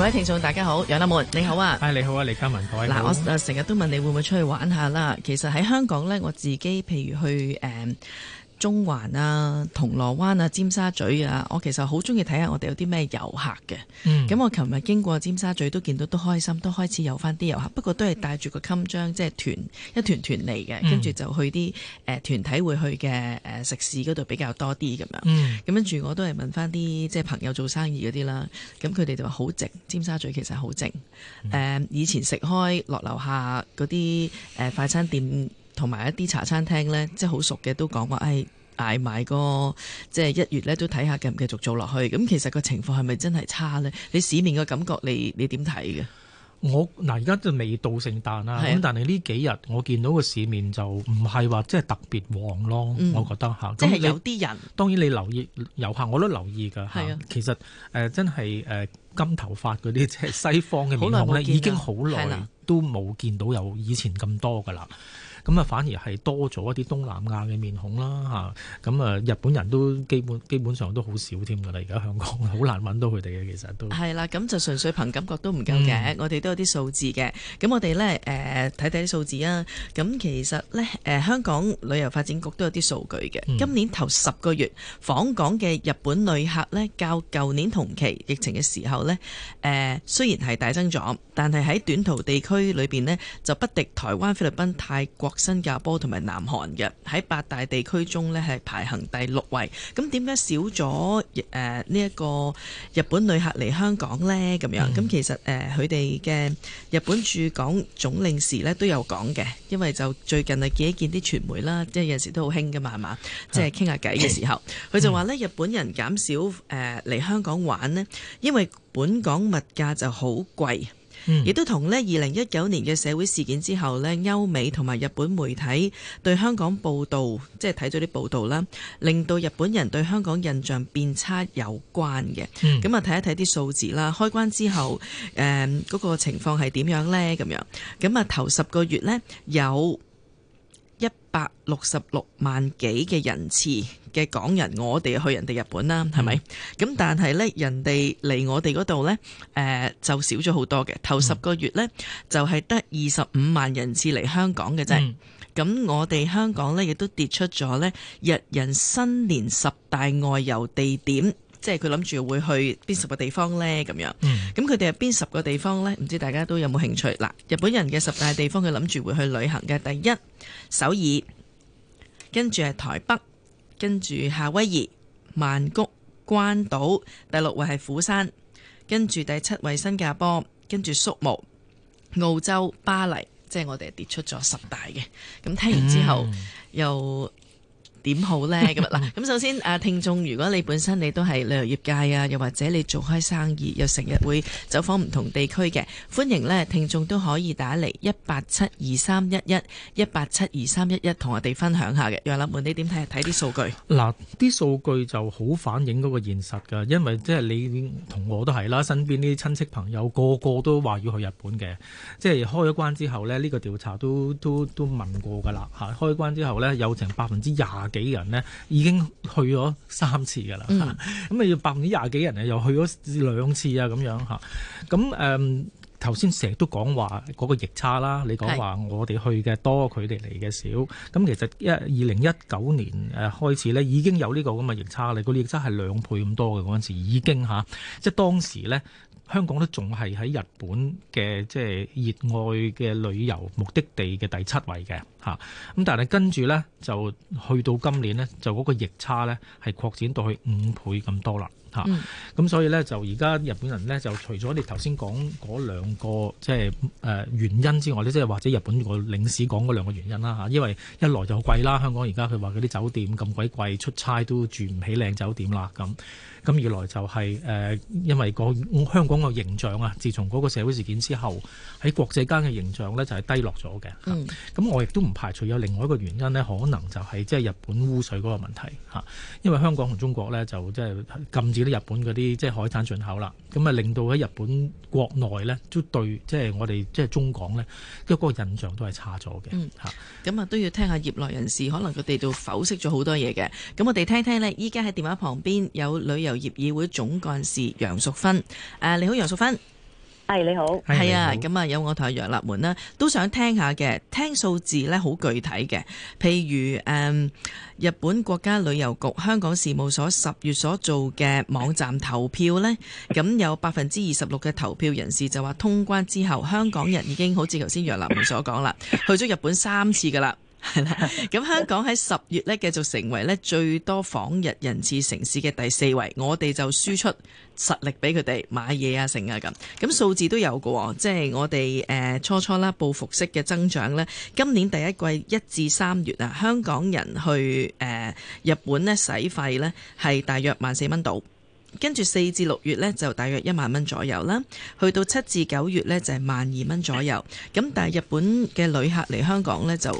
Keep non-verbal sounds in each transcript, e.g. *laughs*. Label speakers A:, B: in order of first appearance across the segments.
A: 各位聽眾大家好，楊立門你好啊，係、啊、
B: 你好啊，李嘉文嗱、啊，我
A: 成日、啊、都問你會唔會出去玩一下啦，其實喺香港咧，我自己譬如去誒。嗯中環啊、銅鑼灣啊、尖沙咀啊，我其實好中意睇下我哋有啲咩遊客嘅。咁、嗯、我琴日經過尖沙咀都見到都開心，都開始有翻啲遊客，不過都係帶住個襟章，即係團一團團嚟嘅，跟、嗯、住就去啲誒、呃、團體會去嘅誒、呃、食肆嗰度比較多啲咁樣。咁跟住我都係問翻啲即係朋友做生意嗰啲啦，咁佢哋就話好靜，尖沙咀其實好靜。誒、呃，以前食開落樓下嗰啲、呃、快餐店。同埋一啲茶餐廳咧，即係好熟嘅都講話，誒捱埋個即係一月咧，都睇下繼唔繼續做落去。咁其實個情況係咪真係差咧？你市面嘅感覺你，你你點睇嘅？
B: 我嗱，而家就未到聖誕啦，咁但係呢幾日我見到個市面就唔係話即係特別旺咯、嗯。我覺得嚇，即係有啲人。當然你留意遊客，我都留意㗎。係啊，其實誒、呃、真係誒金頭髮嗰啲即係西方嘅面孔咧， *laughs* 已經好耐都冇見到有以前咁多㗎啦。咁啊，反而係多咗一啲東南亞嘅面孔啦嚇，咁啊日本人都基本基本上都好少添㗎啦，而家香港好難揾到佢哋嘅其實都
A: 係啦，咁就純粹憑感覺都唔夠嘅，我哋都有啲數字嘅。咁我哋咧誒睇睇啲數字啊。咁其實咧誒香港旅遊發展局都有啲數據嘅。今年頭十個月訪港嘅日本旅客咧，較舊年同期疫情嘅時候咧誒雖然係大增長，但係喺短途地區裏邊咧就不敵台灣、菲律賓、泰國。新加坡同埋南韓嘅喺八大地區中呢係排行第六位，咁點解少咗誒呢一個日本旅客嚟香港呢？咁樣咁其實誒佢哋嘅日本駐港總領事呢都有講嘅，因為就最近啊見一見啲傳媒啦，即係有陣時候都好興噶嘛係嘛，即係傾下偈嘅時候，佢就話呢：「日本人減少誒嚟，呃、香港玩呢，因為本港物價就好貴。」亦都同咧二零一九年嘅社會事件之後呢，歐美同埋日本媒體對香港報導，即係睇咗啲報導啦，令到日本人對香港印象變差有關嘅。咁、嗯、啊，睇一睇啲數字啦。開關之後，誒、呃、嗰、那個情況係點樣呢？咁樣咁啊，頭十個月呢，有百六十六萬幾嘅人次嘅港人，我哋去人哋日本啦，係咪？咁、嗯、但係呢，人哋嚟我哋嗰度呢，誒、就少咗好多嘅。頭十個月呢，嗯、就係得二十五萬人次嚟香港嘅啫。咁、嗯、我哋香港呢，亦都跌出咗呢日人新年十大外遊地點。即係佢諗住會去邊十個地方呢？咁樣，咁佢哋係邊十個地方呢？唔知大家都有冇興趣？嗱，日本人嘅十大地方佢諗住會去旅行嘅，第一首爾，跟住係台北，跟住夏威夷、曼谷、關島，第六位係釜山，跟住第七位新加坡，跟住宿霧、澳洲、巴黎，即係我哋跌出咗十大嘅。咁聽完之後、嗯、又。點好呢？咁啊嗱，咁首先誒、啊，聽眾，如果你本身你都係旅遊業界啊，又或者你做開生意，又成日會走訪唔同地區嘅，歡迎呢，聽眾都可以打嚟一八七二三一一一八七二三一一，同我哋分享一下嘅楊淑芬，你點睇啊？睇啲數據嗱，啲數據就
B: 好反映嗰個現實㗎，因為即係你同我都係啦，身邊啲親戚朋友個個都話要去日本嘅，即係開咗關之後呢，呢、呢個調查都都都問過㗎啦嚇，開關之後呢，有成百分之廿幾人咧已經去咗三次噶啦，咁咪要百幾廿幾人啊，又去咗兩次啊咁樣嚇，咁誒頭先成日都講話嗰個逆差啦，你講話我哋去嘅多，佢哋嚟嘅少，咁其實一二零一九年誒開始呢，已經有呢個咁嘅逆差啦，嗰個逆差係兩倍咁多嘅嗰陣時已經嚇、啊，即係當時呢。香港都仲係喺日本嘅即係熱愛嘅旅遊目的地嘅第七位嘅嚇，咁但係跟住呢，就去到今年呢，就嗰個逆差呢，係擴展到去五倍咁多啦咁，嗯、所以呢，就而家日本人呢，就除咗你頭先講嗰兩個即係誒原因之外，即係或者日本個領事講嗰兩個原因啦，因為一來就貴啦，香港而家佢話嗰啲酒店咁鬼貴，出差都住唔起靚酒店啦咁。咁二來就係誒，因為香港個形象啊，自從嗰個社會事件之後，喺國際間嘅形象呢就係低落咗嘅。咁、嗯、我亦都唔排除有另外一個原因呢，可能就係即係日本污水嗰個問題嚇。因為香港同中國呢，就即係禁止啲日本嗰啲即係海產進口啦，咁啊令到喺日本國內呢，都對即係我哋即係中港呢一個印象都係
A: 差咗嘅嚇。咁啊都要聽下業內人士，可能佢哋都剖析咗好多嘢嘅。咁我哋聽聽呢，依家喺電話旁邊有旅遊由業議會總幹事楊淑芬，誒、啊、你好，楊淑芬，係、哎、你好，係啊，咁啊有我同楊立文啦、啊，都想聽一下嘅，聽數字呢好具體嘅，譬如誒、嗯、日本國家旅遊局香港事務所十月所做嘅網站投票呢，咁有百分之二十六嘅投票人士就話通關之後香港人已經好似頭先楊立文所講啦， *laughs* 去咗日本三次噶啦。係啦，咁香港喺十月咧，繼續成為咧最多訪日人次城市嘅第四位。我哋就輸出實力俾佢哋買嘢啊，成啊咁。咁數字都有喎，即係我哋誒、呃、初初啦，報復式嘅增長咧。今年第一季一至三月啊，香港人去誒、呃、日本咧使費咧係大約萬四蚊度，跟住四至六月咧就大約一萬蚊左右啦。去到七至九月咧就係萬二蚊左右。咁但係日本嘅旅客嚟香港咧就。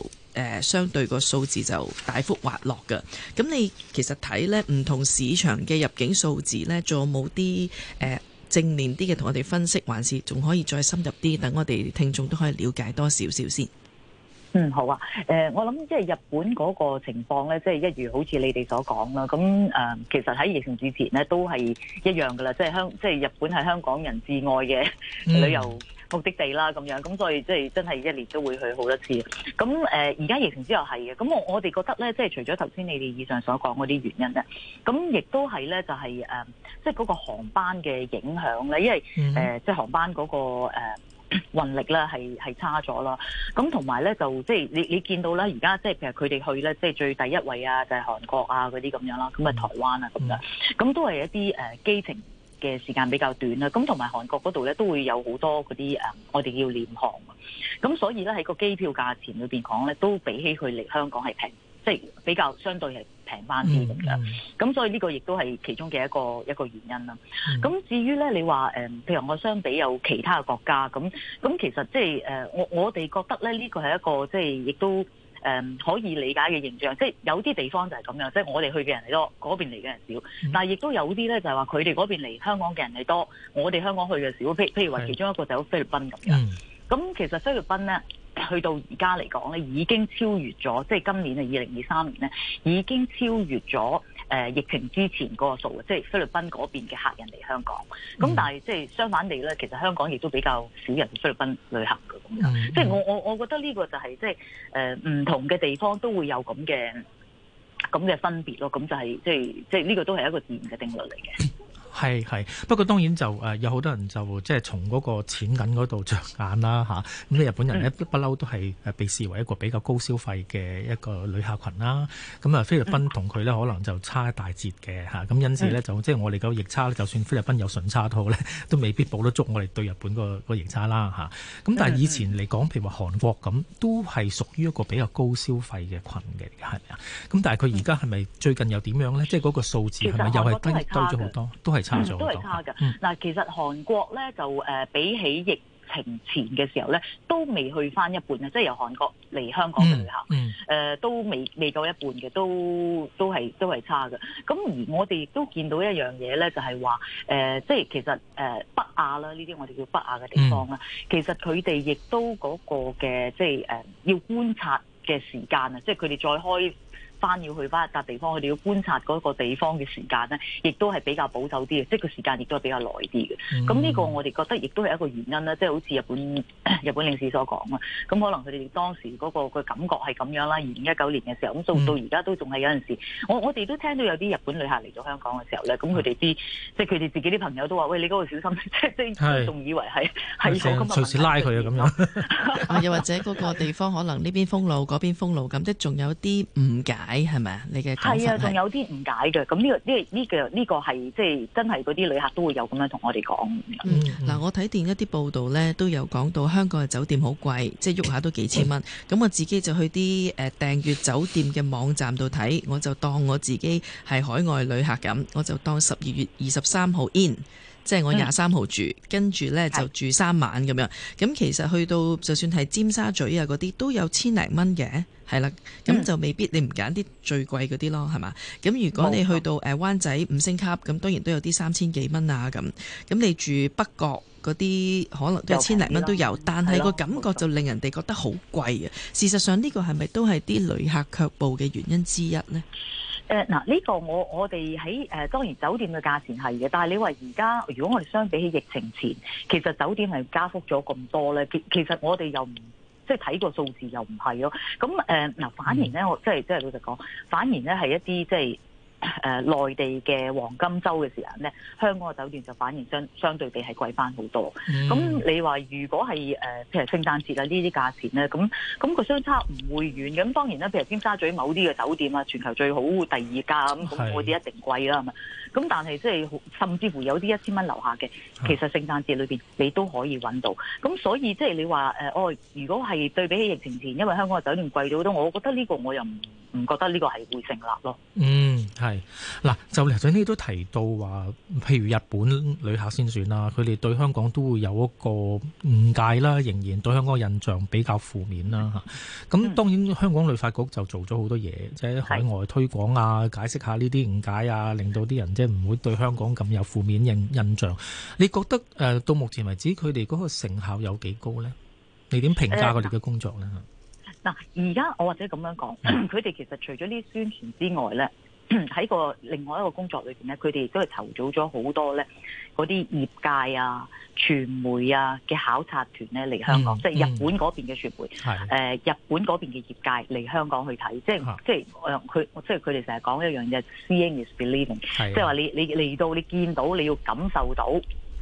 A: 誒，相對個數字就大幅滑落噶。咁你其實睇呢，唔同市場嘅入境數字呢，仲有冇啲誒正面啲嘅同我哋分析，還是仲可以再深入啲，等我哋聽眾都可以了解多少少先？嗯，好啊。
C: 誒，我諗即係日本嗰個情況呢，即係一如好似你哋所講啦。咁誒，其實喺疫情之前呢都係一樣噶啦。即係香，即係日本係香港人至愛嘅旅遊。目的地啦，咁樣咁所以即係真係一年都會去好多次。咁誒而家疫情之後係嘅，咁我我哋覺得咧，即係除咗頭先你哋以上所講嗰啲原因咧，咁亦都係咧就係、是、誒、呃，即係嗰個航班嘅影響咧，因為誒、mm-hmm. 呃、即係航班嗰、那個誒、呃、運力咧係係差咗啦。咁同埋咧就即係你你見到咧而家即係譬如佢哋去咧即係最第一位啊就係、是、韓國啊嗰啲咁樣啦，咁啊台灣啊咁、mm-hmm. 樣咁都係一啲誒機程呃嘅時間比較短啦，咁同埋韓國嗰度咧都會有好多嗰啲誒，我哋要廉航啊，咁所以咧喺個機票價錢裏邊講咧，都比起佢嚟香港係平，即係比較相對係平翻啲咁樣。咁、嗯嗯、所以呢個亦都係其中嘅一個一個原因啦。咁、嗯、至於咧，你話誒，譬如我相比有其他嘅國家咁，咁其實即係誒，我我哋覺得咧呢個係一個即係亦都。誒、um, 可以理解嘅形象，即係有啲地方就係咁樣，即係我哋去嘅人係多，嗰邊嚟嘅人少。嗯、但係亦都有啲咧，就係話佢哋嗰邊嚟香港嘅人係多，我哋香港去嘅少。譬譬如話其中一個就係菲律賓咁樣，咁、嗯、其實菲律賓咧，去到而家嚟講咧，已經超越咗，即係今年啊，二零二三年咧，已經超越咗。誒、呃、疫情之前嗰個數，即係菲律賓嗰邊嘅客人嚟香港，咁、嗯、但係即係相反地咧，其實香港亦都比較少人菲律賓旅行嘅、嗯，即係我我我覺得呢個就係即係誒唔同嘅地方都會有咁嘅咁嘅分別咯，咁就係、是、即係即係呢個都係一個自然嘅定律嚟嘅。嗯
B: 係係，不過當然就誒有好多人就即係從嗰個錢銀嗰度着眼啦嚇。咁咧日本人咧不嬲都係被視為一個比較高消費嘅一個旅客群啦。咁啊菲律賓同佢呢可能就差一大截嘅嚇。咁因此呢，就即係我哋個逆差就算菲律賓有順差都好呢都未必補得足我哋對日本個個逆差啦嚇。咁但係以前嚟講，譬如話韓國咁，都係屬於一個比較高消費嘅群嘅，係咪啊？咁但係佢而家係咪最近又點樣呢？即係嗰個數字係咪又係低低咗好多？都係。嗯、都係
C: 差嘅。嗱、嗯，其實韓國咧就誒、呃、比起疫情前嘅時候咧，都未去翻一半，即係由韓國嚟香港嘅旅客，誒、嗯嗯呃、都未未到一半嘅，都都係都係差嘅。咁而我哋亦都見到一樣嘢咧，就係話誒，即係其實誒、呃、北亞啦，呢啲我哋叫北亞嘅地方啦、嗯，其實佢哋亦都嗰個嘅即係誒、呃、要觀察嘅時間啊，即係佢哋再開翻要去翻一笪地方，佢哋要觀察嗰個地方嘅時間咧，亦都係比較保守啲嘅，即係個時間亦都係比較耐啲嘅。咁呢個我哋覺得亦都係一個原因啦，即係好似日本日本領事所講啊。咁可能佢哋當時嗰個感覺係咁樣啦，二零一九年嘅時候，咁到到而家都仲係有陣時。我我哋都聽到有啲日本旅客嚟咗香港嘅時候咧，咁佢哋啲即係佢哋自己啲朋友都話：「喂，你嗰個小心，
A: 即係仲
C: 以為係係咁啊？隨時拉佢啊咁
A: 樣。 *laughs* 又或者嗰個地方可能呢邊封路，嗰邊封路咁，即係仲有啲誤解。解係咪啊？你嘅係啊，仲有
C: 啲誤解嘅。咁、呢個、呢個呢呢、呢個呢個係即係真係嗰啲旅客都會有咁樣同我哋講。
A: 嗱、嗯嗯嗯，我睇電一啲報道呢，都有講到香港嘅酒店好貴，即係喐下都幾千蚊。咁、嗯嗯、我自己就去啲誒訂閱酒店嘅網站度睇，我就當我自己係海外旅客咁，我就當十二月二十三號 in。即係我廿三號住，嗯、跟住呢就住三晚咁樣。咁其實去到就算係尖沙咀啊嗰啲都有千零蚊嘅，係啦。咁、嗯、就未必你唔揀啲最貴嗰啲咯，係嘛？咁如果你去到誒、呃、灣仔五星級，咁當然都有啲三千幾蚊啊咁。咁你住北角嗰啲，可能都有千零蚊都有，有但係個感覺就令人哋覺得好貴啊。事實上呢個係咪都係啲旅客卻步嘅原因之一呢？誒嗱，呢
C: 個我我哋喺，誒，當然酒店嘅價錢係嘅，但係你話而家如果我哋相比起疫情前，其實酒店係加幅咗咁多咧。其其實我哋又唔即係睇個數字又唔係咯。咁誒嗱，反而咧、嗯、我即係即係老實講，反而咧係一啲即係。誒、呃、內地嘅黃金周嘅時候咧，香港嘅酒店就反而相相對地係貴翻好多。咁、嗯、你話如果係誒、呃、譬如聖誕節啊呢啲價錢咧，咁咁個相差唔會遠。咁當然啦，譬如尖沙咀某啲嘅酒店啊，全球最好第二間咁，嗰啲一定貴啦。咁但係即係甚至乎有啲一千蚊樓下嘅，其實聖誕節裏面你都可以揾到。咁所以即係你話誒，如果係對比起疫情前，因為香港嘅酒店貴咗好多，我覺得呢、呢個我又唔唔覺得呢個係會成立咯。嗯，
B: 係嗱，就梁總你都提到話，譬如日本旅客先算啦，佢哋對香港都會有一個誤解啦，仍然對香港印象比較負面啦吓。咁、嗯、當然香港旅發局就做咗好多嘢，即係海外推廣啊，解釋下呢啲誤解啊，令到啲人即係唔會對香港咁有負面印印象、嗯。你覺得誒，到目前為止佢哋嗰個成效有幾高呢？你點評價佢哋嘅工作呢？嗱，而家我
C: 或者咁樣講，佢、嗯、哋其實除咗呢啲宣傳之外呢。喺 *coughs* 個另外一個工作裏邊咧，佢哋都係籌組咗好多咧嗰啲業界啊、傳媒啊嘅考察團咧嚟香港，嗯、即係日本嗰邊嘅傳媒，誒、嗯呃、日本嗰邊嘅業界嚟香港去睇，即係即係誒佢，即係佢哋成日講一樣嘢，Seeing is believing，是即係話你你嚟到你見到你要感受到。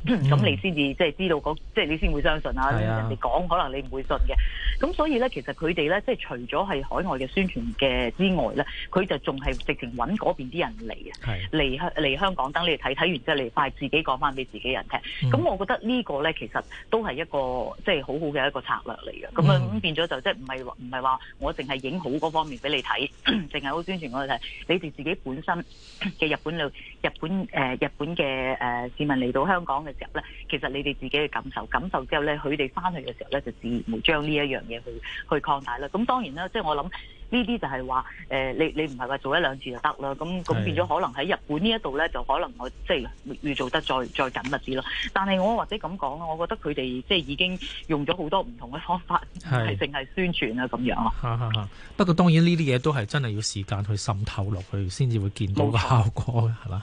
C: 咁你先至即係知道嗰即係你先會相信啊！人哋講可能你唔會信嘅，咁所以咧，其實佢哋咧即係除咗係海外嘅宣傳嘅之外咧，佢就仲係直情揾嗰邊啲人嚟啊，嚟香嚟香港等你哋睇睇完之後，你快自己講翻俾自己人聽。咁、嗯、我覺得個呢個咧其實都係一個即係好好嘅一個策略嚟嘅。咁啊咁變咗就即係唔係唔係話我淨係影好嗰方面俾你睇，淨係 *coughs* 好宣傳我哋睇。你哋自己本身嘅日本日本誒、日本嘅誒、呃呃、市民嚟到香港。嘅時候咧，其實你哋自己嘅感受，感受之後咧，佢哋翻去嘅時候咧，就自然會將呢一樣嘢去去擴大啦。咁當然啦，即係我諗。呢啲就係話，呃，你你唔係話做一兩次就得啦，咁咁變咗可能喺日本呢一度呢，就可能我即係預做得再再緊密啲咯。但係我或者咁講，我覺得佢哋即係已經用咗好多唔同嘅方法，係淨係宣傳啊咁樣。
B: 哈哈，不過當然呢啲嘢都係真係要時間去滲透落去，先至會見到個效果，係嘛？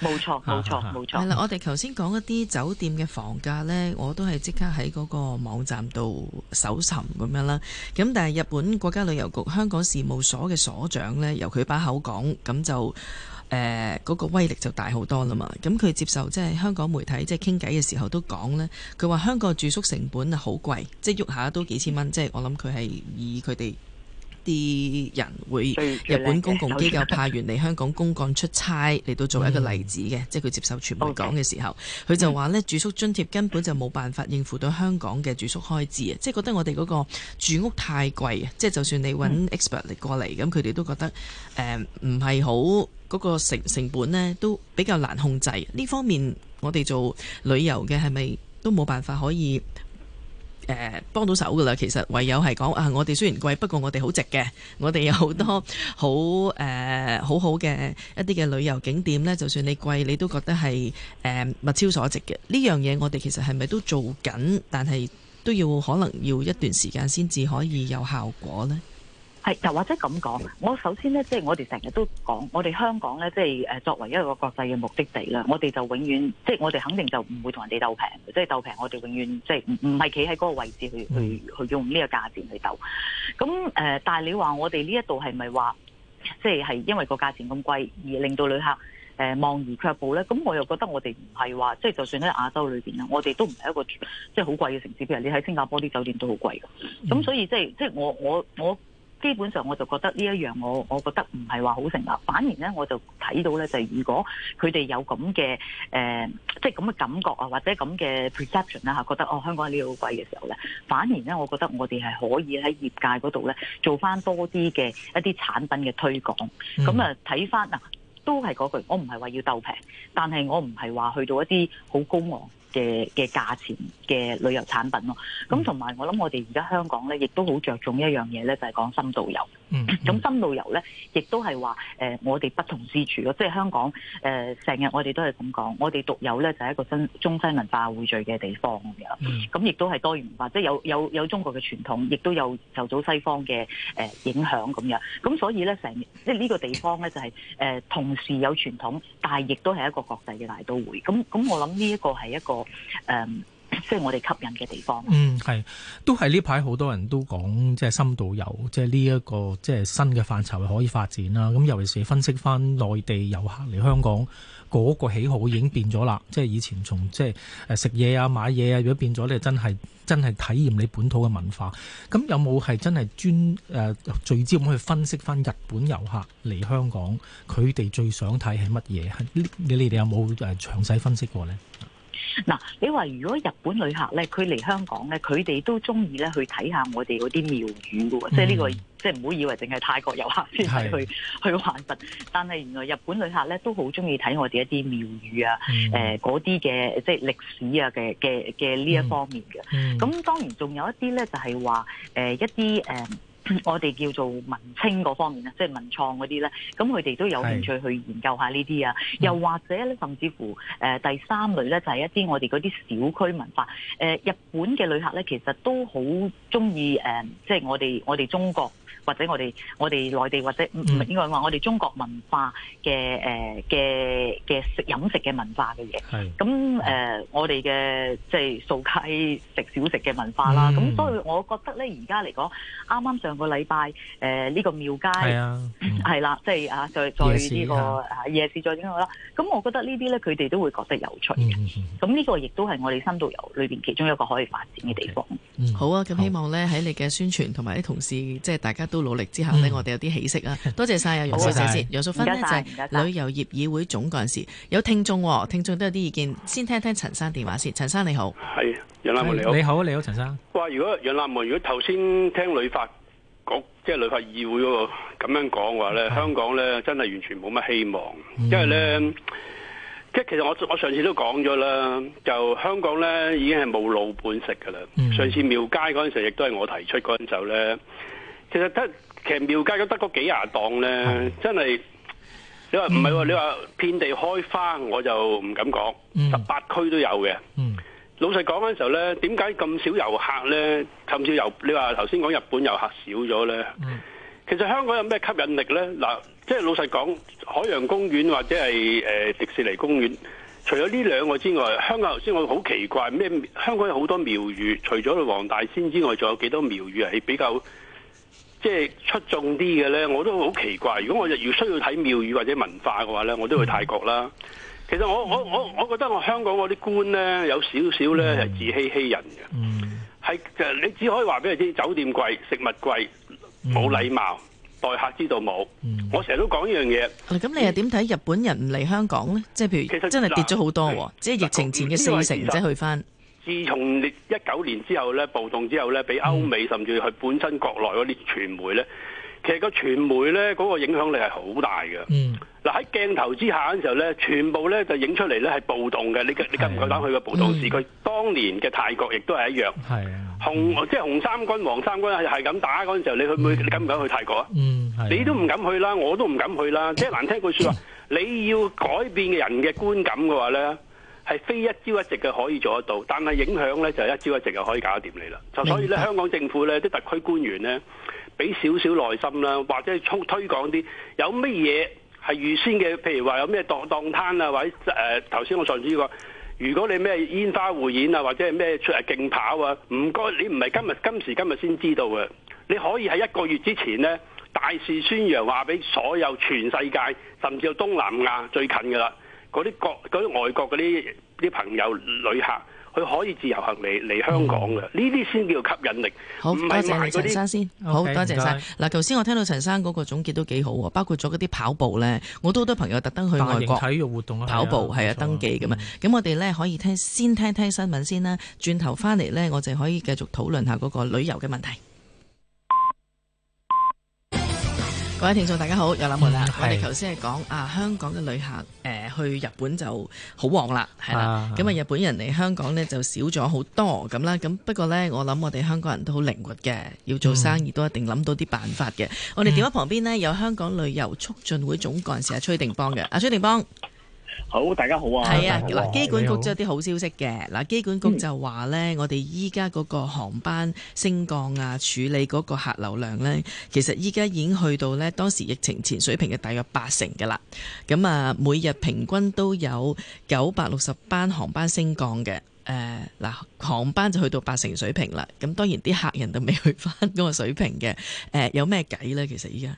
B: 冇錯，冇錯，冇 *laughs* 沒錯。係 *laughs* 啦沒錯， *laughs*
A: 我哋頭先講一啲酒店嘅房價呢，我都係即刻喺嗰個網站度搜尋咁樣啦。咁但係日本國家旅遊局香港事務所嘅所長呢，由佢把口講，咁就誒嗰、呃那個威力就大好多啦嘛。咁佢接受即係、就是、香港媒體即係傾偈嘅時候都講呢，佢話香港住宿成本好貴，即係喐下都幾千蚊。即係我諗佢係以佢哋。啲人會日本公共機構派員嚟香港公幹出差嚟到做一個例子嘅、嗯，即係佢接受傳媒講嘅時候，佢、okay. 就話呢，住宿津貼根本就冇辦法應付到香港嘅住宿開支啊！即、就、係、是、覺得我哋嗰個住屋太貴啊！即、就、係、是、就算你揾 expert 嚟過嚟，咁佢哋都覺得誒唔係好嗰、嗰個成成本呢都比較難控制。呢方面我哋做旅遊嘅係咪都冇辦法可以？誒、呃、幫到手噶啦，其實唯有係講啊，我哋雖然貴，不過我哋好值嘅。我哋有好多好、呃、好多好誒好好嘅一啲嘅旅遊景點呢，就算你貴，你都覺得係誒、呃、物超所值嘅。呢樣嘢我哋其實係咪都做緊？但係都要可能要一段時間先至可以有效果呢。
C: 係，又或者咁講，我首先咧，即係我哋成日都講，我哋香港咧，即係誒作為一個國際嘅目的地啦，我哋就永遠，即係我哋肯定就唔會同人哋鬥平，即係鬥平，我哋永遠，即係唔唔係企喺嗰個位置去去去用呢個價錢去鬥。咁誒，呃，但係你話我哋呢一度係咪話，即係係因為個價錢咁貴而令到旅客誒望而卻步咧？咁我又覺得我哋唔係話，即係就算喺亞洲裏邊啊，我哋都唔係一個即係好貴嘅城市，譬如你喺新加坡啲酒店都好貴嘅。咁所以即係即係我我我。我基本上我就覺得呢一樣，我我覺得唔係話好成立。反而咧，我就睇到咧，就如果佢哋有咁嘅誒，即係咁嘅感覺啊，或者咁嘅 perception 啦嚇，覺得哦香港呢度好貴嘅時候咧，反而咧，我覺得我哋係可以喺業界嗰度咧做翻多啲嘅一啲產品嘅推廣。咁、嗯、啊，睇翻嗱，都係嗰句，我唔係話要鬥平，但係我唔係話去到一啲好高昂。嘅嘅價錢嘅旅遊產品咯，咁同埋我諗我哋而家香港咧，亦都好着重一樣嘢咧，就係講深度遊。咁、嗯嗯、深度遊咧，亦都係話誒，我哋不同之處咯，即係香港誒，成、呃、日我哋都係咁講，我哋獨有咧就係、是、一個新中西文化匯聚嘅地方咁樣。咁、嗯、亦都係多元化，即係有有有中國嘅傳統，亦都有受咗西方嘅、呃、影響咁樣。咁所以咧成日，即係呢個地方咧就係、是、誒、呃、同時有傳統，但係亦都係一個國際嘅大都會。咁咁我諗呢一個係一個誒。呃即係我哋吸引嘅地
B: 方。嗯，係，都係呢排好多人都講即係深度遊，即係呢一個即係新嘅範疇可以發展啦。咁尤其是分析翻內地遊客嚟香港嗰個喜好已經變咗啦。即係以前從即係食嘢啊、買嘢啊，如果變咗咧，真係真係體驗你本土嘅文化。咁有冇係真係專誒聚焦去分析翻日本遊客嚟香港，佢哋最想睇係乜嘢？你哋有冇誒詳細分析過呢？
C: 嗱、嗯，你話如果日本旅客咧，佢嚟香港咧，佢哋都中意咧去睇下我哋嗰啲廟宇嘅喎，即係、這、呢個，即係唔好以為淨係泰國遊客先係去去玩佛，但係原來日本旅客咧都好中意睇我哋一啲廟宇啊，誒嗰啲嘅即係歷史啊嘅嘅嘅呢一方面嘅，咁、嗯嗯、當然仲有一啲咧就係話誒一啲誒。呃我哋叫做文青嗰方面啊，即係文創嗰啲咧，咁佢哋都有興趣去研究下呢啲啊。又或者咧，甚至乎誒、呃、第三類咧，就係、是、一啲我哋嗰啲小區文化誒、呃。日本嘅旅客咧，其實都好中意誒，即、呃、係、就是、我哋我哋中國。或者我哋我哋內地或者唔、嗯、應該話我哋中國文化嘅誒嘅嘅食飲食嘅文化嘅嘢，
D: 咁誒、
C: 呃嗯呃、我哋嘅即係掃街食小食嘅文化啦，咁、嗯、所以我覺得咧而家嚟講，啱啱上個禮拜誒呢、呃這個廟街係啊，係、嗯、啦，即 *laughs* 係啊再再呢個啊夜市再點樣啦，咁、啊這個啊啊這個、我覺得這些呢啲咧佢哋都會覺得有趣嘅，咁、嗯、呢個亦都係我哋深度遊裏邊其中一個可以發展嘅地方
A: okay，、嗯。好啊，咁希望咧喺你嘅宣傳同埋啲同事，即係大家。都努力之後咧、嗯，我哋有啲起色啊！多謝晒啊，楊小姐先。楊淑芬咧就旅遊業議會總幹事。有聽眾、哦，聽眾都有啲意見，先聽一聽陳生電話先。陳生你好，
E: 係楊立梅，你
A: 好，你好你好陳生。
E: 哇！如果楊立梅如果頭先聽旅發局即係旅發議會喎、那、咁、個、樣講話咧、嗯，香港咧真係完全冇乜希望，嗯、因為咧即係其實我我上次都講咗啦，就香港咧已經係冇老本食噶啦。上次廟街嗰陣時，亦都係我提出嗰陣時候咧。其實得，其實廟街都得嗰幾廿檔咧，真係你話唔係，你話、啊嗯、遍地開花，我就唔敢講。十八區都有嘅、嗯。老實講嗰陣時候咧，點解咁少遊客咧？咁少遊，你話頭先講日本遊客少咗咧、嗯？其實香港有咩吸引力咧？嗱，即係老實講，海洋公園或者係誒、呃、迪士尼公園，除咗呢兩個之外，香港頭先我好奇怪，咩香港有好多廟宇，除咗黃大仙之外，仲有幾多廟宇係比較？即係出眾啲嘅咧，我都好奇怪。如果我日要需要睇廟宇或者文化嘅話咧，我都去泰國啦、嗯。其實我、嗯、我我我覺得我香港嗰啲官咧有少少咧係自欺欺人嘅，係、嗯、就、嗯、你只可以話俾人知酒店貴、食物貴、
A: 冇禮
E: 貌、待客之道冇、嗯。我成日都講呢樣嘢。
A: 咁你又點睇日本人唔嚟香港咧、嗯？即係譬如其實真係跌咗好多，即係疫情前嘅四成啫，即去翻。
E: 自從一九年之後咧暴動之後咧，俾歐美甚至係本身國內嗰啲傳媒咧，其實個傳媒咧嗰、嗰個影響力係好大嘅。嗯，嗱、啊、喺鏡頭之下嗰時候咧，全部咧就影出嚟咧係暴動嘅。你你敢唔敢去個暴動時？佢、嗯、當年嘅泰國亦都係一樣。係、嗯、紅即係紅衫軍、黃衫軍係係咁打嗰陣時候，你去唔去？你敢唔敢去泰國啊？嗯，嗯是你都唔敢去啦，我都唔敢去啦。即、就、係、是、難聽句説話、嗯，你要改變人嘅觀感嘅話咧。係非一朝一夕嘅可以做得到，但係影響咧就一朝一夕嘅可以搞得掂你啦。就所以咧，香港政府咧啲特區官員咧，俾少少耐心啦，或者促推，推廣啲有乜嘢係預先嘅，譬如話有咩檔檔攤啊，或者誒頭先我上次講，如果你咩煙花匯演啊，或者係咩出嚟競跑啊，唔該你唔係今日今時今日先知道嘅，你可以喺一個月之前咧大肆宣揚話俾所有全世界，甚至到東南亞最近嘅啦。嗰啲國嗰啲外國嗰啲啲朋友旅客，佢可以自由行嚟嚟香港嘅，呢啲先叫吸引力。好，多謝陳生先。好多謝晒。
A: 嗱，頭先我聽到陳生嗰個總結都幾好喎，包括咗嗰啲跑步咧，我都好多朋友特登去外國體育活動啊，跑步係啊，登記㗎嘛。咁我哋咧可以聽先，聽聽新聞先啦。轉頭翻嚟咧，我哋可以繼續討論下嗰個旅遊嘅問題。各位聽眾，大家好，有諗冇啦？我哋頭先係講啊，香港嘅旅客誒、呃、去日本就好旺啦，係啦，咁啊日本人嚟香港呢就少咗好多咁啦。咁不過呢，我諗我哋香港人都好靈活嘅，要做生意都一定諗到啲辦法嘅、嗯。我哋電話旁邊呢，有香港旅遊促進會總幹事阿崔定邦嘅，阿、啊、崔定邦，啊。
B: 好，大家好啊！係啊，嗱、啊，機管局都有啲
A: 好消息嘅。嗱，機管局就話呢，我哋依家嗰個航班升降啊，處理嗰個客流量呢，其實依家已經去到呢，當時疫情前水平嘅大約八成噶啦。咁啊，每日平均都有九百六十班航班升降嘅。誒，嗱，航班就去到八成水平啦。咁當然啲客人都未去翻嗰個水平嘅。誒，有咩計呢？其實依家。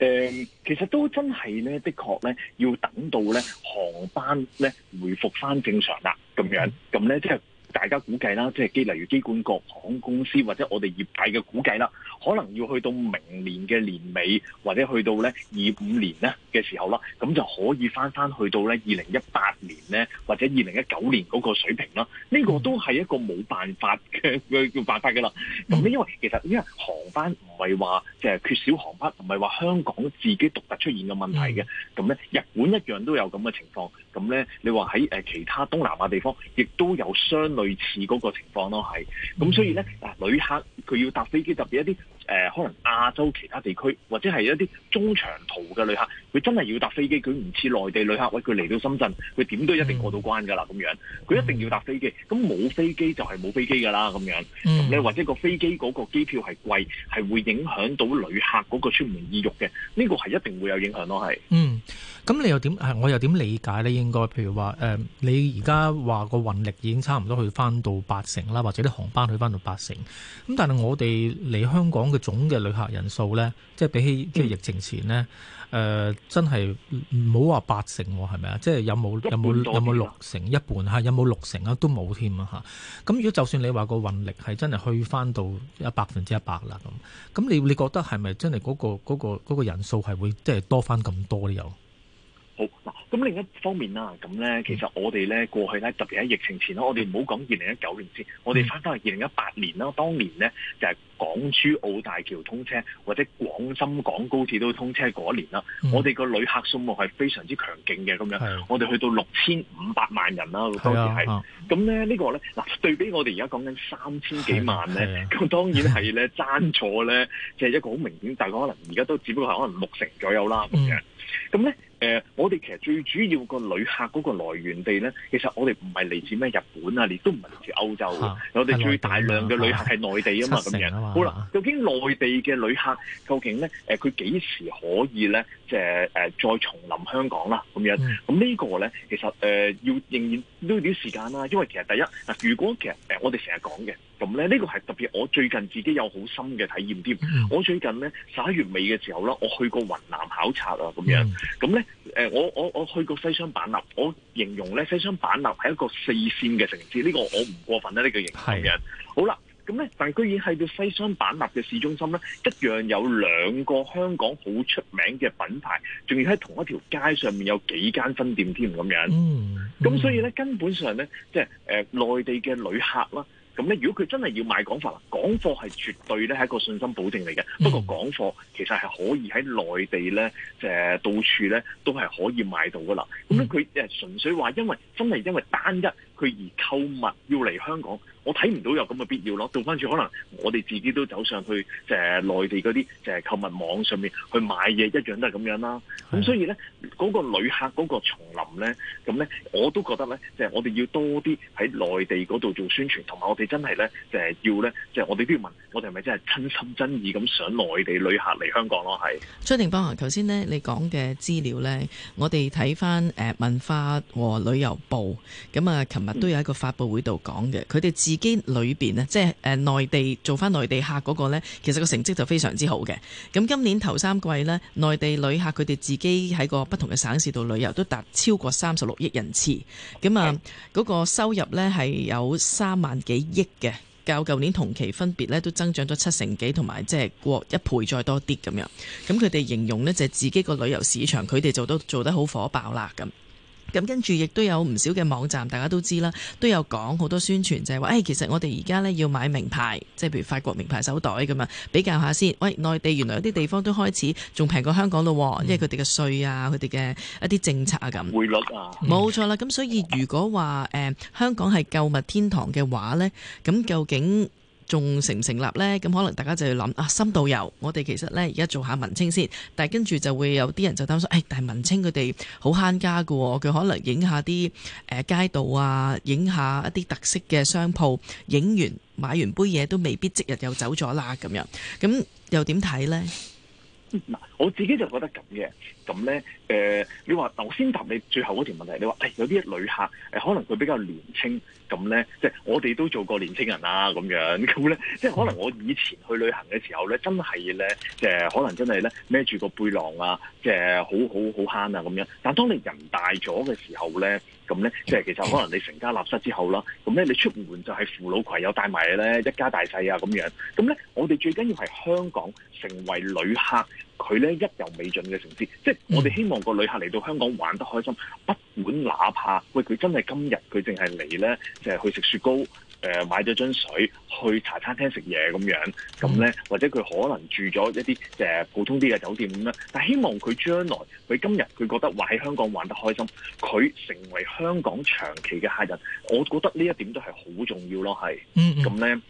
F: 誒、嗯，其實都真係咧，的確咧，要等到咧航班咧回復返正常啦，咁樣，咁咧即係。大家估計啦，即係機例如機管局、航空公司或者我哋業界嘅估計啦，可能要去到明年嘅年尾，或者去到咧二五年咧嘅時候啦，咁就可以返返去到咧二零一八年咧，或者二零一九年嗰個水平啦。呢、呢個都係一個冇辦法嘅嘅辦法㗎啦。咁咧，因為其實因為航班唔係話即係缺少航班，唔係話香港自己獨特出現嘅問題嘅。咁咧，日本一樣都有咁嘅情況。咁咧，你話喺誒其他東南亞地方亦都有相。類似嗰個情況咯，係咁，所以咧嗱、嗯，旅客佢要搭飛機，特別一啲誒、呃，可能亞洲其他地區或者係一啲中長途嘅旅客，佢真係要搭飛機，佢唔似內地旅客，喂，佢嚟到深圳，佢點都一定過到關㗎啦，咁樣佢一定要搭飛機，咁冇飛機就係冇飛機㗎啦，咁樣咁咧、嗯，或者個飛機嗰個機票係貴，係會影響到旅客嗰個出門意欲嘅，呢、呢個係一定會有影響咯，係。
D: 嗯
B: 咁你又點係我又點理解咧？應該譬如話、呃、你而家話個運力已經差唔多去翻到八成啦，或者啲航班去翻到八成。咁但係我哋嚟香港嘅總嘅旅客人數咧，即係比起即係疫情前咧，誒、呃、真係唔好話八成喎，係咪啊？即係有冇有冇有冇六成一半嚇？有冇六成啊？都冇添啊嚇！咁如果就算你話個運力係真係去翻到百分之一百啦，咁咁你你覺得係咪真係嗰個嗰個嗰個人數係會即係多翻咁多呢？又？
F: 咁另一方面啦，咁咧，其實我哋咧過去咧，特別喺疫情前啦、嗯，我哋唔好講二零一九年先、嗯，我哋翻翻去二零一八年啦，當年咧就係港珠澳大橋通車或者廣深港高鐵都通車嗰年啦、嗯，我哋個旅客數目係非常之強勁嘅咁樣，啊、我哋去到六千五百萬人啦，當時係，咁咧、啊、呢個咧嗱對比我哋而家講緊三千幾萬咧，咁、啊啊、當然係咧爭錯咧、啊，就係、是、一個好明顯，嗯、但係可能而家都只不過係可能六成左右啦
D: 咁樣咁
F: 咧。嗯誒、呃，我哋其實最主要個旅客嗰個來源地咧，其實我哋唔係嚟自咩日本啊，亦都唔係嚟自歐洲、啊、我哋最大量嘅旅客係內地啊嘛，咁、啊啊、樣。好啦，究竟內地嘅旅客究竟咧，佢、呃、幾時可以咧，即、呃、係再重臨香港啦，咁樣。咁、嗯、呢個咧，其實誒、呃、要仍然多啲時間啦，因為其實第一嗱，如果其實、呃、我哋成日講嘅，咁咧呢個係特別我最近自己有好深嘅體驗添、嗯。我最近咧十一月尾嘅時候啦，我去過雲南考察啊，咁樣。咁、嗯、咧。誒、呃，我我我去過西雙版納，我形容咧西雙版納係一個四線嘅城市，呢、這個我唔過分啦，呢、這個形容嘅、嗯嗯。好啦，咁咧，但居然喺度西雙版納嘅市中心咧，一樣有兩個香港好出名嘅品牌，仲要喺同一條街上面有幾間分店添咁樣。嗯，咁、嗯、所以咧，根本上咧，即係誒、呃，內地嘅旅客啦。咁咧，如果佢真係要買港貨啦，港貨係絕對咧係一個信心保證嚟嘅。不過港貨其實係可以喺內地咧誒，到處咧都係可以買到㗎喇。咁咧佢誒純粹話，因為真係因為單一。佢而購物要嚟香港，我睇唔到有咁嘅必要咯。倒翻轉，可能我哋自己都走上去，就係內地嗰啲就係購物網上面去買嘢，一樣都係咁樣啦。咁所以咧，嗰、那個旅客嗰個叢林咧，咁咧我都覺得咧，就係、是、我哋要多啲喺內地嗰度做宣傳，同埋我哋真係咧，就係要咧，即係我哋都要問，我哋係咪真係真心真意咁想內地旅客嚟香港咯？係
A: 崔定邦，頭先咧你講嘅資料咧，我哋睇翻誒文化和旅遊部，咁啊，琴都有一個發布會度講嘅，佢哋自己裏邊，咧，即係誒內地做翻內地客嗰個咧，其實個成績就非常之好嘅。咁今年頭三季咧，內地旅客佢哋自己喺個不同嘅省市度旅遊都達超過三十六億人次。咁啊，嗰個收入咧係有三萬幾億嘅，較舊年同期分別咧都增長咗七成幾同埋即係過一倍再多啲咁樣，咁佢哋形容咧，就係自己個旅遊市場佢哋做都做得好火爆啦咁。咁跟住亦都有唔少嘅網站，大家都知啦，都有講好多宣傳，就係話，誒，其實我哋而家呢要買名牌，即係譬如法國名牌手袋咁啊，比較下先。喂，內地原來有啲地方都開始仲平過香港咯，因為佢哋嘅稅啊，佢哋嘅一啲政策啊咁。匯率啊？冇錯啦。咁所以如果話，呃，香港係購物天堂嘅話呢，咁究竟仲成唔成立呢？咁可能大家就要諗啊，深度遊我哋其實呢而家做下文青先，但係跟住就會有啲人就擔心，誒、哎，但係文青佢哋好慳家噶、哦，佢可能影下啲誒、呃、街道啊，影下一啲特色嘅商鋪，影完買完杯嘢都未必即日又走咗啦，咁樣，咁又點睇呢？嗯
F: 我自己就覺得咁嘅咁咧，誒、呃，你話頭先答你最後嗰條問題，你話、哎、有啲旅客、呃、可能佢比較年輕咁咧，即係我哋都做過年青人啦、啊，咁樣咁咧，即係可能我以前去旅行嘅時候咧，真係咧，誒、呃，可能真係咧孭住個背囊啊，即係好好好慳啊咁樣。但當當你人大咗嘅時候咧，咁咧，即係其實可能你成家立室之後啦，咁咧你出門就係扶老攜幼帶埋咧一家大細啊咁樣，咁咧我哋最緊要係香港成為旅客。佢咧一遊未盡嘅城市，即係我哋希望個旅客嚟到香港玩得開心，不管哪怕喂佢真係今日佢淨係嚟咧，淨係去食雪糕。誒、呃、買咗樽水去茶餐廳食嘢咁樣，咁咧或者佢可能住咗一啲誒、呃、普通啲嘅酒店咁樣，但希望佢將來佢今日佢覺得話喺香港玩得開心，佢成為香港長期嘅客人，我覺得呢一點都係好重要咯，係。嗯咁咧，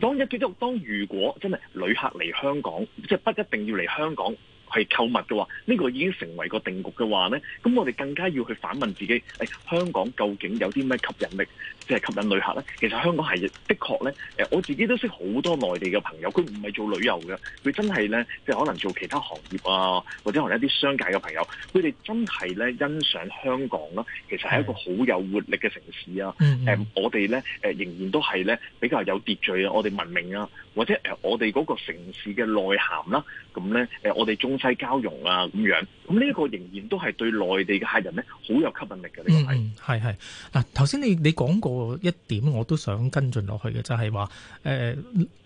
F: 當一結得當如果真係旅客嚟香港，即係不一定要嚟香港，係購物嘅話，呢個已經成為個定局嘅話呢，咁我哋更加要去反問自己，誒香港究竟有啲咩吸引力，即係吸引旅客呢？其實香港係的確呢，我自己都識好多內地嘅朋友，佢唔係做旅遊嘅，佢真係呢，即係可能做其他行業啊，或者可能一啲商界嘅朋友，佢哋真係呢，欣賞香港啦，其實係一個好有活力嘅城市啊。Mm-hmm. 啊我哋呢，仍然都係呢，比較有秩序啊，我哋文明啊，或者我哋嗰個城市嘅內涵啦，咁呢，誒我哋中心。係交融啊，咁樣，咁呢個仍然都係對內地嘅客人咧，好有吸引力嘅呢個係，
B: 係係嗱，頭先你你講過一點，我都想跟進落去嘅，就係話誒。呃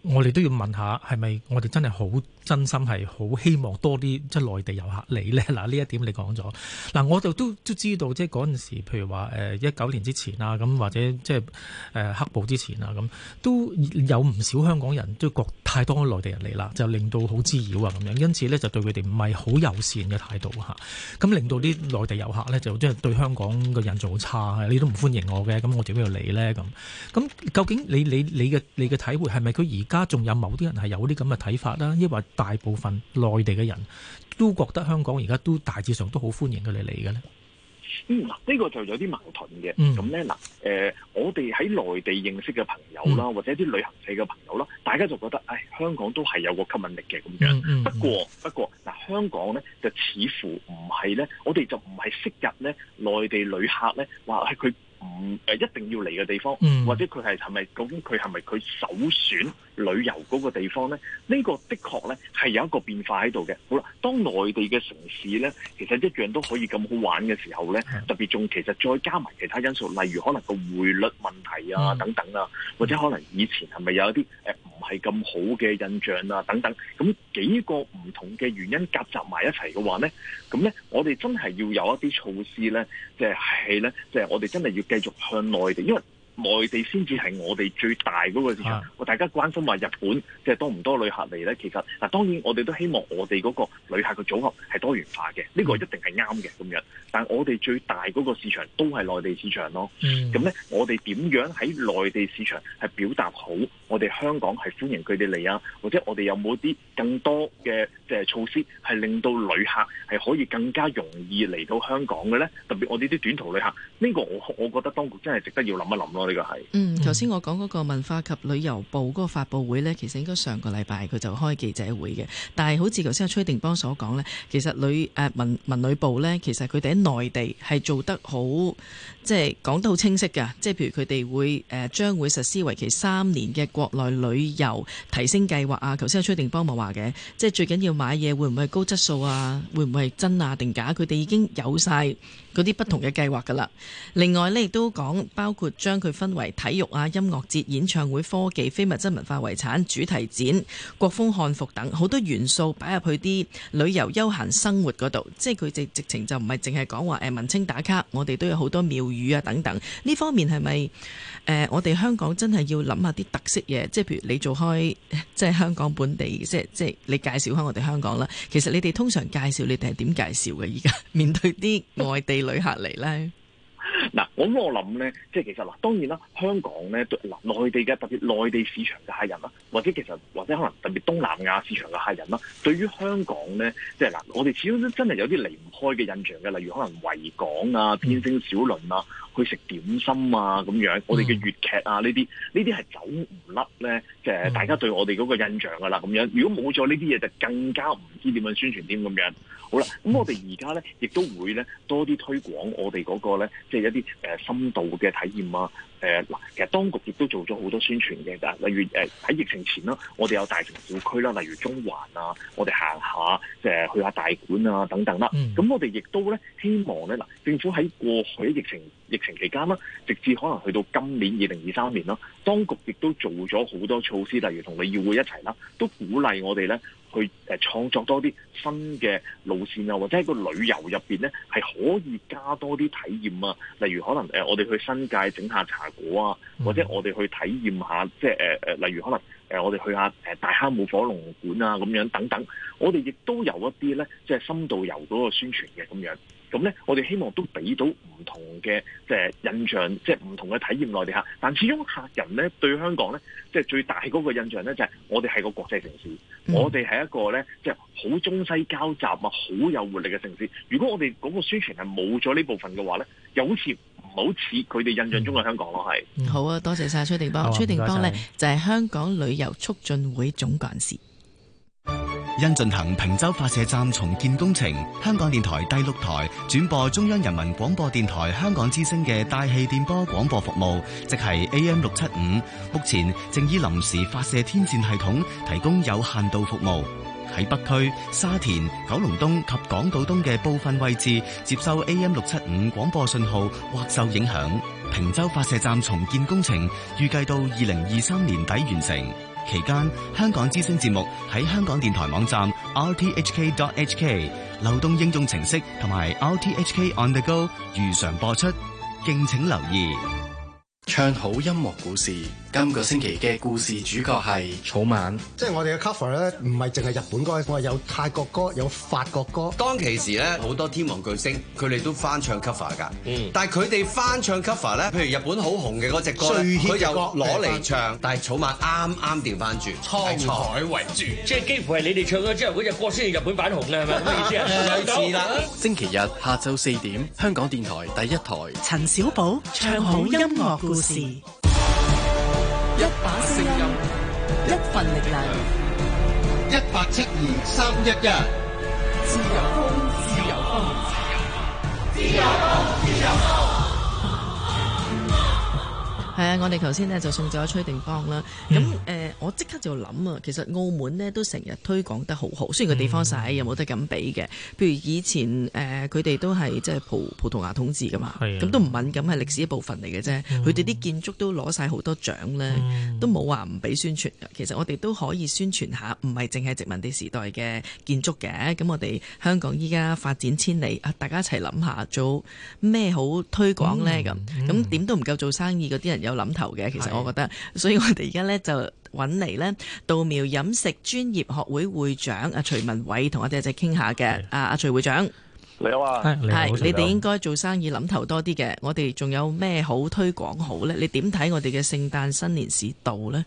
B: 我哋都要問下，係咪我哋真係好真心係好希望多啲即係內地遊客嚟咧？嗱，呢一點你講咗。嗱，我就都都知道，即係嗰陣時，譬如話誒一九年之前啊，咁或者即係誒黑暴之前啊，咁都有唔少香港人都覺太多內地人嚟啦，就令到好滋擾啊咁樣。因此呢，就對佢哋唔係好友善嘅態度嚇。咁令到啲內地遊客呢，就即係對香港嘅印象好差，你都唔歡迎我嘅，咁我點樣要咧？咁咁究竟你你你嘅你嘅體會係咪佢而家仲有某啲人係有啲咁嘅睇法啦，抑或大部分內地嘅人都覺得香港而家都大致上都好歡迎佢哋嚟嘅咧。
F: 咁、嗯、嗱，呢、呢個就有啲矛盾嘅。咁咧嗱，誒、呃，我哋喺內地認識嘅朋友啦、嗯，或者啲旅行社嘅朋友啦，大家就覺得，誒，香港都係有個吸引力嘅咁樣。不過不過，嗱，香港咧就似乎唔係咧，我哋就唔係適入咧內地旅客咧話係佢唔誒一定要嚟嘅地方，嗯、或者佢係係咪究竟佢係咪佢首選？旅遊嗰個地方咧，呢個的確咧係有一個變化喺度嘅。好啦，當內地嘅城市咧，其實一樣都可以咁好玩嘅時候咧，特別仲其實再加埋其他因素，例如可能個匯率問題啊等等啊，或者可能以前係咪有一啲誒唔係咁好嘅印象啊等等，咁幾個唔同嘅原因夾雜埋一齊嘅話咧，咁咧我哋真係要有一啲措施咧，即係係咧，即係我哋真係要繼續向內地，因為。內地先至係我哋最大嗰個市場，我大家關心話日本即係多唔多旅客嚟呢？其實嗱，當然我哋都希望我哋嗰個旅客嘅組合係多元化嘅，呢個一定係啱嘅咁樣。但我哋最大嗰個市場都係內地市場咯。咁呢，我哋點樣喺內地市場係表達好我哋香港係歡迎佢哋嚟啊？或者我哋有冇啲更多嘅誒措施係令到旅客係可以更加容易嚟到香港嘅呢？特別我哋啲短途旅客，呢個我我覺得當局真係值得要諗一諗咯。
A: 這個、嗯，頭、嗯、先我講嗰個文化及旅遊部嗰個發佈會呢，其實應該上個禮拜佢就開記者會嘅。但係好似頭先阿崔定邦所講呢，其實旅誒、呃、文文旅部呢，其實佢哋喺內地係做得好，即係講得好清晰㗎。即係譬如佢哋會誒將、呃、會實施為期三年嘅國內旅遊提升計劃啊。頭先阿崔定邦咪話嘅，即係最緊要買嘢會唔會係高質素啊？會唔會係真啊定假？佢哋已經有晒。嗰啲不同嘅計劃噶啦，另外呢亦都講，包括將佢分為體育啊、音樂節、演唱會、科技、非物質文化遺產、主題展、國風漢服等好多元素擺入去啲旅遊休閒生活嗰度，即係佢直情就唔係淨係講話文青打卡，我哋都有好多廟宇啊等等。呢方面係咪、呃、我哋香港真係要諗下啲特色嘢？即係譬如你做開即係香港本地，即係即係你介紹下我哋香港啦。其實你哋通常介紹你哋係點介紹嘅？而家面對啲外地。旅客嚟咧？
F: 咁我諗咧，即係其實嗱，當然啦，香港咧，嗱，內地嘅特別內地市場嘅客人啦，或者其實或者可能特別東南亞市場嘅客人啦，對於香港咧，即係嗱，我哋始終都真係有啲離唔開嘅印象嘅，例如可能維港啊、天星小輪啊，去食點心啊咁樣，我哋嘅粵劇啊呢啲，呢啲係走唔甩咧，誒、就係，大家對我哋嗰個印象噶啦咁樣。如果冇咗呢啲嘢，就更加唔知點樣宣傳添。咁樣。好啦，咁我哋而家咧，亦都會咧多啲推廣我哋嗰個咧，即係一啲。誒，深度嘅體驗啊！誒嗱，其實當局亦都做咗好多宣傳嘅，例如誒喺疫情前啦，我哋有大城小區啦，例如中環啊，我哋行下，誒去下大館啊等等啦。咁、嗯、我哋亦都咧希望咧嗱，政府喺過去疫情疫情期間啦，直至可能去到今年二零二三年咯，當局亦都做咗好多措施，例如同旅議會一齊啦，都鼓勵我哋咧去誒創作多啲新嘅路線啊，或者喺個旅遊入面咧係可以加多啲體驗啊，例如可能誒我哋去新界整下茶。我、嗯、啊，或者我哋去體驗一下，即、就、係、是呃、例如可能、呃、我哋去一下、呃、大坑舞火龍館啊，咁樣等等，我哋亦都有一啲咧，即、就、係、是、深度遊嗰個宣傳嘅咁樣。咁咧，我哋希望都俾到唔同嘅、就是、印象，即係唔同嘅體驗內地客。但始終客人咧對香港咧，即、就、係、是、最大嗰個印象咧就係、是、我哋係個國際城市，嗯、我哋係一個咧即係好中西交集啊，好有活力嘅城市。如果我哋嗰個宣傳係冇咗呢部分嘅話咧，又好似。好似佢哋印象中嘅香港咯，
A: 係。好啊，多謝晒崔定邦。崔定邦咧就係、是、香港旅遊促進會總幹事。
F: 因進行坪洲發射站重建工程，香港電台第六台轉播中央人民廣播電台香港之聲嘅大氣電波廣播服務，即係 AM 六七五，目前正以臨時發射天線系統提供有限度服務。喺北區、沙田、九龍東及港島東嘅部分位置接收 AM 六七五廣播信號或受影響。平洲發射站重建工程預計到二零二三年底完成，期間香港之聲節目喺香港電台網站 rthk.hk、流動應用程式同埋 rthk on the go 如常播出，敬請留意。唱好音樂故事，今個星期嘅故事主角係草蜢。
B: 即係我哋嘅 cover 咧，唔係淨係日
F: 本歌，我有泰國歌，有法國歌。當其時咧，好多天王巨星，佢哋都翻唱 cover 噶。嗯。但係佢哋翻唱 cover 咧，譬如日本好紅嘅嗰隻歌，佢有攞嚟唱，但係草蜢啱啱掉返轉，滄海為主，即係幾乎係你哋
B: 唱咗之後，嗰隻歌先至日本版紅嘅，係咪 *laughs* 咩意思？類似啦 *laughs* ？
F: 星期日下晝四點，香港電台第一台，陳小寶
D: 唱好音樂。故事，一
B: 把聲音，一份力量，一八七二三一一，自由風，自由風，自由風，
A: 自由風。係啊，我哋頭先咧就送走咗崔定邦啦。咁誒、嗯呃，我即刻就諗啊，其實澳門呢都成日推廣得好好，雖然個地方細，有冇得咁比嘅。譬如以前誒，佢、呃、哋都係即係葡葡萄牙統治㗎嘛，咁、啊、都唔敏感，係歷史一部分嚟嘅啫。佢哋啲建築都攞晒好多獎咧、嗯，都冇話唔俾宣傳。其實我哋都可以宣傳下，唔係淨係殖民地時代嘅建築嘅。咁我哋香港依家發展千里，啊大家一齊諗下做咩好推廣咧？咁咁點都唔夠做生意嗰啲人有有諗頭嘅，其實我覺得，所以我哋而家咧就揾嚟咧，稻苗飲食專業學會會長阿徐汶緯同我哋一齊傾下嘅。阿阿、啊、徐會長，
G: 你好啊，你係你哋應
A: 該做生意諗頭多啲嘅。我哋仲有咩好推廣好咧？你點睇我哋嘅聖誕新年市道咧？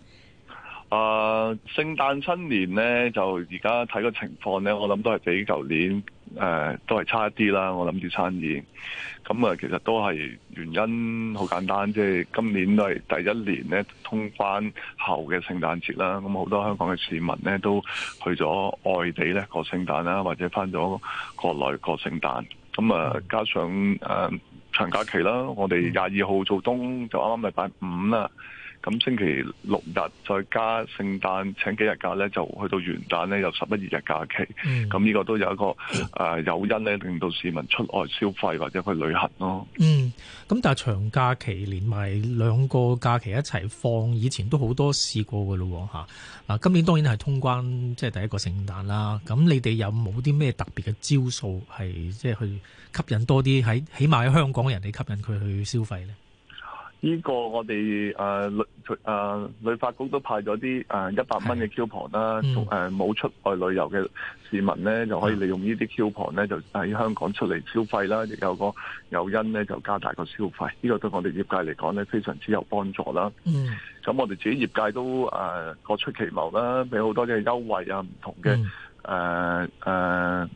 G: 啊、uh，聖誕新年咧，就而家睇個情況咧，我諗都係比舊年誒、呃、都係差一啲啦。我諗住生意咁啊，其實都係原因好簡單，即、就、係、是、今年都係第一年咧，通關後嘅聖誕節啦。咁好多香港嘅市民咧都去咗外地咧過聖誕啦，或者翻咗國內過聖誕。咁啊，加上誒、呃、長假期啦，我哋廿二號做冬就啱啱禮拜五啦。咁星期六日再加聖誕請幾日假咧，就去到元旦咧有十一二日假期。咁呢個都有一個誒誘因咧，令到市民出外消費或者去旅行咯。嗯，
B: 咁但係長假期連埋兩個假期一齊放，以前都好多試過㗎喇喎。嗱，今年當然係通關，即係第一個聖誕啦。咁你哋有冇啲咩特別嘅招數係即係去吸引多啲喺起碼喺香港人嚟吸引佢去消費咧？
G: 呢、這個我哋誒旅誒旅發局都派咗啲誒一百蚊嘅 coupon 啦，誒、呃、冇、嗯、出外旅遊嘅市民咧就可以利用呢啲 coupon 咧就喺香港出嚟消費啦，亦有個誘因咧就加大個消費，呢、這個對我哋業界嚟講咧非常之有幫助啦。咁、嗯、我哋自己業界都誒各、呃、出其謀啦，俾好多嘅優惠啊，唔同嘅誒誒。嗯呃呃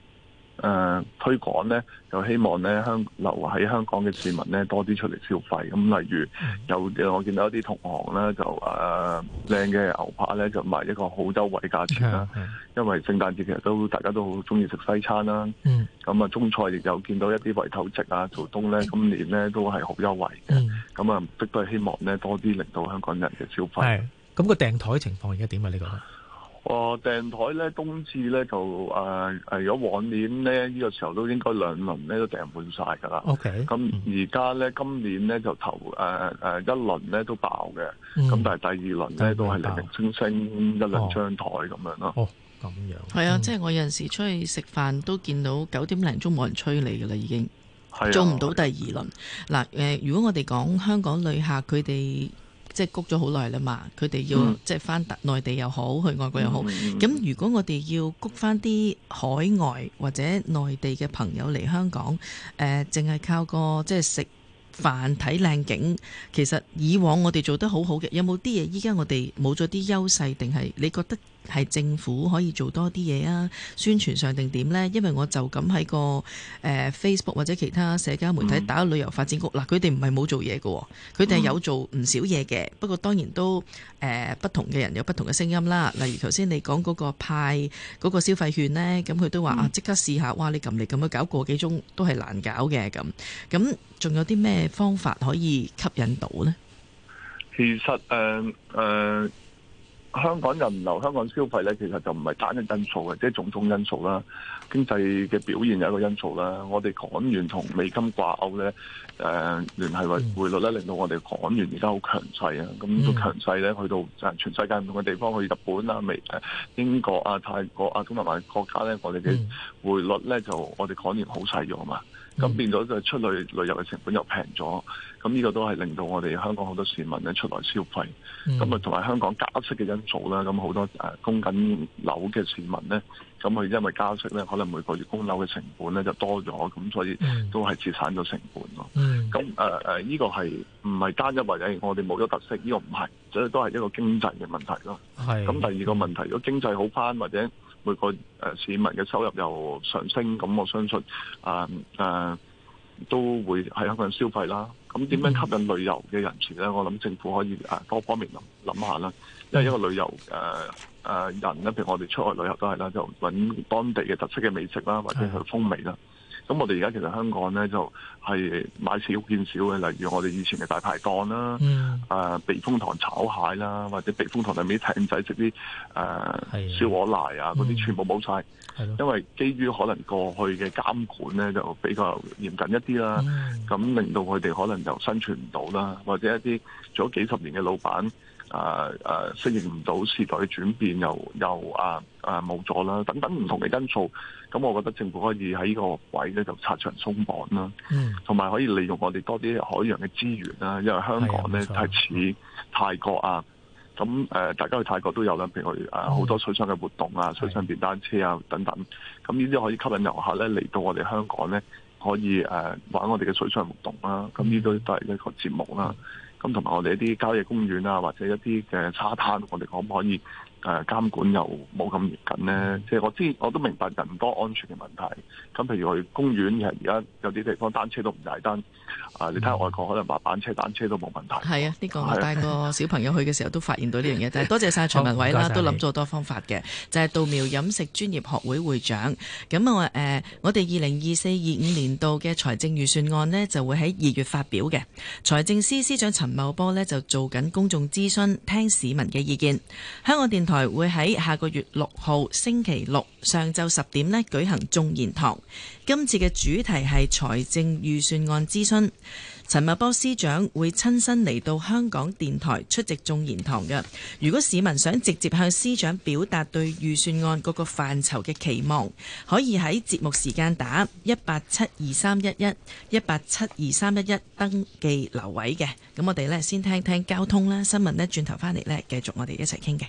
G: 誒、呃，推廣咧就希望咧香留喺香港嘅市民咧多啲出嚟消費。咁、嗯、例如有我見到一啲同行咧就誒靚嘅牛扒咧就賣一個好優惠嘅價錢啦。因為聖誕節其實都大家都好中意食西餐啦。咁、嗯、啊，中菜亦有見到一啲圍頭席啊，做冬咧今年咧都係好優惠嘅。咁、嗯、啊，亦都係希望咧多啲令到香港人
B: 嘅消費。咁個訂台情況而家點啊？你講
G: 哦，訂台咧，冬至咧就誒如果往年咧呢個時候都應該兩輪咧都訂滿晒㗎啦。OK。咁而家咧今年咧就頭誒、呃、一輪咧都爆嘅，咁、嗯、但係第二輪咧都係零零星星一兩張台咁樣咯。哦，咁、
A: 哦、樣。係啊、 *noise* *noise* *noise* 嗯，即係我有陣時出去食飯都見到九點零鐘冇人催你㗎啦，已經、
D: 啊、做唔到
A: 第二輪。嗱、啊、如果我哋講香港旅客佢哋。即係谷咗好耐啦嘛，佢哋要即係翻內地又好，去外國又好。咁、嗯、如果我哋要谷翻啲海外或者內地嘅朋友嚟香港，誒、呃，淨係靠個即係食飯睇靚景，其實以往我哋做得好好嘅，有冇啲嘢依家我哋冇咗啲優勢，定係你覺得？係政府可以做多啲嘢啊？宣傳上定點呢？因為我就咁喺個誒、呃、Facebook 或者其他社交媒體打旅遊發展局嗱，佢哋唔係冇做嘢㗎喎，佢哋有，有做唔少嘢嘅、嗯。不過當然都誒、呃、不同嘅人有不同嘅聲音啦。例如頭先你講嗰個派嗰個消費券呢，咁佢都話、嗯、啊，即刻試下哇！你咁嚟咁樣搞個幾鐘都係難搞嘅咁。咁仲有啲咩方法可以吸引到呢？
G: 其實誒誒。Uh, uh 香港人流、香港消費咧，其實就唔係單一因素嘅，即係種種因素啦。經濟嘅表現有一個因素啦。我哋港元同美金掛鈎咧，誒、呃、聯繫為匯率咧，令到我哋港元而家好強勢啊！咁都強勢咧，去到就全世界唔同嘅地方，去日本啊、美誒英國啊、泰國啊，咁同埋國家咧，我哋嘅匯率咧，就我哋港元好使用嘛。咁、嗯、變咗就出去旅遊嘅成本又平咗，咁呢個都係令到我哋香港好多市民咧出嚟消費，咁啊同埋香港加息嘅因素啦，咁好多誒、呃、供緊樓嘅市民咧，咁佢因為加息咧，可能每個月供樓嘅成本咧就多咗，咁所以都係節省咗成本咯。咁誒呢個係唔係單一或者、哎、我哋冇咗特色？呢、這個唔係，所以都係一個經濟嘅問題咯。咁第二個問題，如果經濟好翻或者，每個市民嘅收入又上升，咁我相信啊誒、啊、都會係香港消費啦。咁點樣吸引旅遊嘅人士咧？我諗政府可以誒多方面諗諗下啦。因為一個旅遊誒誒人咧，譬如我哋出外旅遊都係啦，就揾當地嘅特色嘅美食啦，或者佢風味啦。咁我哋而家其實香港咧就係、是、買少見少嘅，例如我哋以前嘅大排檔啦，誒、嗯啊、避風塘炒蟹啦，或者避風塘裏面艇仔食啲誒、啊、燒鵝瀨啊，嗰、嗯、啲全部冇晒。因為基於可能過去嘅監管咧就比較嚴謹一啲啦，咁令到佢哋可能就生存唔到啦，或者一啲做咗幾十年嘅老闆，誒、啊、誒、啊、適應唔到時代嘅轉變，又又啊冇咗啦，等等唔同嘅因素。咁我覺得政府可以喺呢個位咧就拆牆鬆綁啦，同、嗯、埋可以利用我哋多啲海洋嘅資源啦，因為香港咧太似泰國啊，咁誒、呃、大家去泰國都有啦，譬如誒好、呃嗯、多水上嘅活動啊，水上電單車啊等等，咁呢啲可以吸引遊客咧嚟到我哋香港咧，可以誒、呃、玩我哋嘅水上活動啦、啊，咁呢啲都係一個節目啦、啊，咁同埋我哋一啲郊野公園啊，或者一啲嘅沙灘，我哋可唔可以？誒監管又冇咁嚴謹咧，即係我知我都明白人多安全嘅問題。咁譬如去公園，其實而家有啲地方單車都唔踩單車。啊！你睇下外國，可能滑板車、單車都冇問
A: 題。係啊，呢、這個我帶個小朋友去嘅時候都發現到呢樣嘢。就 *laughs* 係多謝晒徐汶緯啦，都諗咗好多方法嘅。就係、是、稻苗飲食專業學會會長。咁我誒、呃，我哋二零二四二五年度嘅財政預算案呢，就會喺二月發表嘅。財政司司長陳茂波呢，就做緊公眾諮詢，聽市民嘅意見。香港電台會喺下個月六號星期六上晝十點呢舉行眾言堂。今次嘅主題係財政預算案諮詢。陳茂波司長會親身嚟到香港電台出席眾言堂嘅。如果市民想直接向司長表達對預算案各個範疇嘅期望，可以喺節目時間打一八七二三一一一八七二三一一登記留位嘅。咁我哋呢，先聽聽交通啦，新聞呢轉頭翻嚟呢，繼續我哋一齊傾嘅。